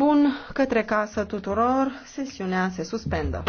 bun către casă tuturor. Sesiunea se suspendă.